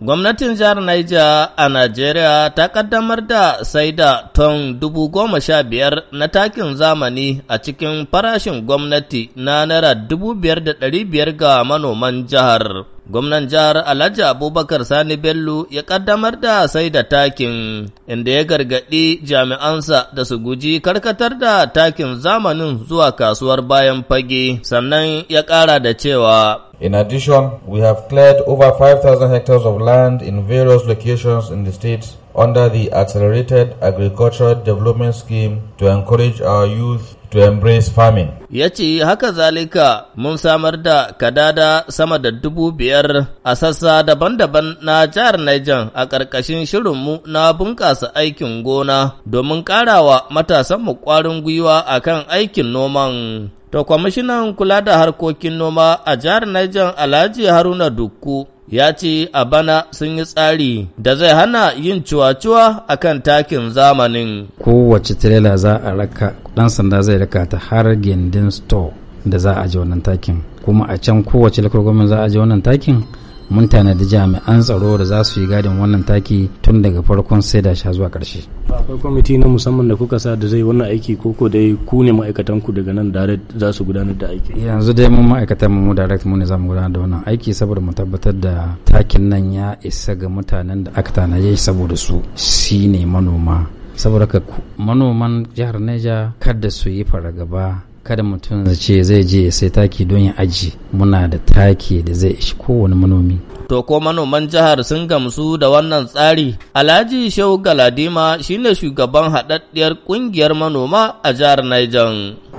Gwamnatin jihar Niger a Najeriya ta kaddamar da sai da ton dubu goma sha biyar na takin zamani a cikin farashin gwamnati na naira dubu biyar da ɗari biyar ga manoman jihar. Gwamnan jihar Alhaji Abubakar Sani Bello ya kaddamar da sai da takin, inda ya gargaɗi jami'ansa da su guji karkatar da takin zamanin zuwa kasuwar bayan fage, sannan ya ƙara da cewa In addition, we have cleared over 5,000 hectares of land in various locations in the state under the Accelerated Agricultural Development Scheme to encourage our youth to embrace farming. Ya ce haka zalika mun samar da kadada sama da dubu biyar a sassa daban-daban na jihar Niger a ƙarƙashin shirinmu na bunƙasa aikin gona domin ƙarawa matasanmu ƙwarin gwiwa akan aikin noman. To, kwamishinan kula da harkokin noma a jihar Niger Alhaji Haruna Dukku ya ce a bana sun yi tsari da zai hana yin cuwa-cuwa a kan takin zamanin. Kowace tirela za a raka ɗan sanda zai raka ta har gindin store da za a ji wannan takin. Kuma a can kowace lakar gwamnati za a ji wannan takin mun tanadi jami'an tsaro da za su yi gadin wannan taki tun daga farkon sai da sha zuwa karshe akwai kwamiti na musamman da kuka sa da zai wannan aiki ko ko dai ku ne ma'aikatan ku daga nan direct za su gudanar da aiki yanzu dai mun ma'aikatan mu direct mu ne za mu gudanar da wannan aiki saboda mu tabbatar da takin nan ya isa ga mutanen da aka tanaje saboda su shine manoma saboda ka manoman jihar Neja kada su yi fargaba kada mutum ce zai je sai taki don ya aji muna da taki da zai ishi kowane manomi to ko manoman jihar sun gamsu da wannan tsari alhaji shehu galadima shine shugaban haɗaɗɗiyar ƙungiyar manoma a jihar niger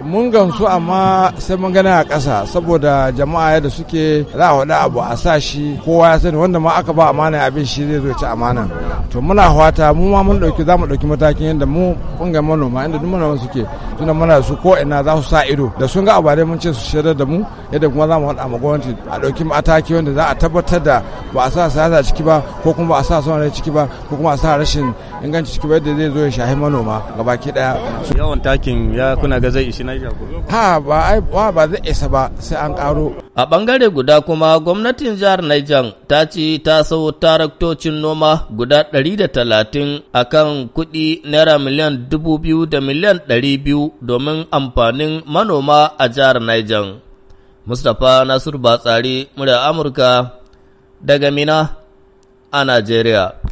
mun gamsu amma sai mun gani a ƙasa saboda jama'a yadda suke za a wada abu a sa shi kowa ya sani wanda ma aka ba amana abin shi zai zo ci amana to muna fata mu ma mun dauki za mu dauki matakin yadda mu kungiyar manoma inda duk manoma suke tunan muna su ko ina za su sa ido da sun ga abare mun ce su shaidar da mu yadda kuma za mu hada ma gwamnati a dauki mataki wanda za a tabbatar da ba a sa siyasa ciki ba ko kuma ba a sa son ciki ba ko kuma a sa rashin inganci ciki ba yadda zai zo ya shahi manoma gabaki daya yawan takin ya kuna ga zai ishi na ba zai isa ba sai an karo. A bangare guda kuma gwamnatin jihar Niger ta ce ta sau taraktocin noma guda 130 kan kuɗi naira miliyan 2000 da miliyan 200 domin amfanin manoma a jihar Niger. Mustapha Nasiru Batsari, murya Amurka daga Mina a Najeriya.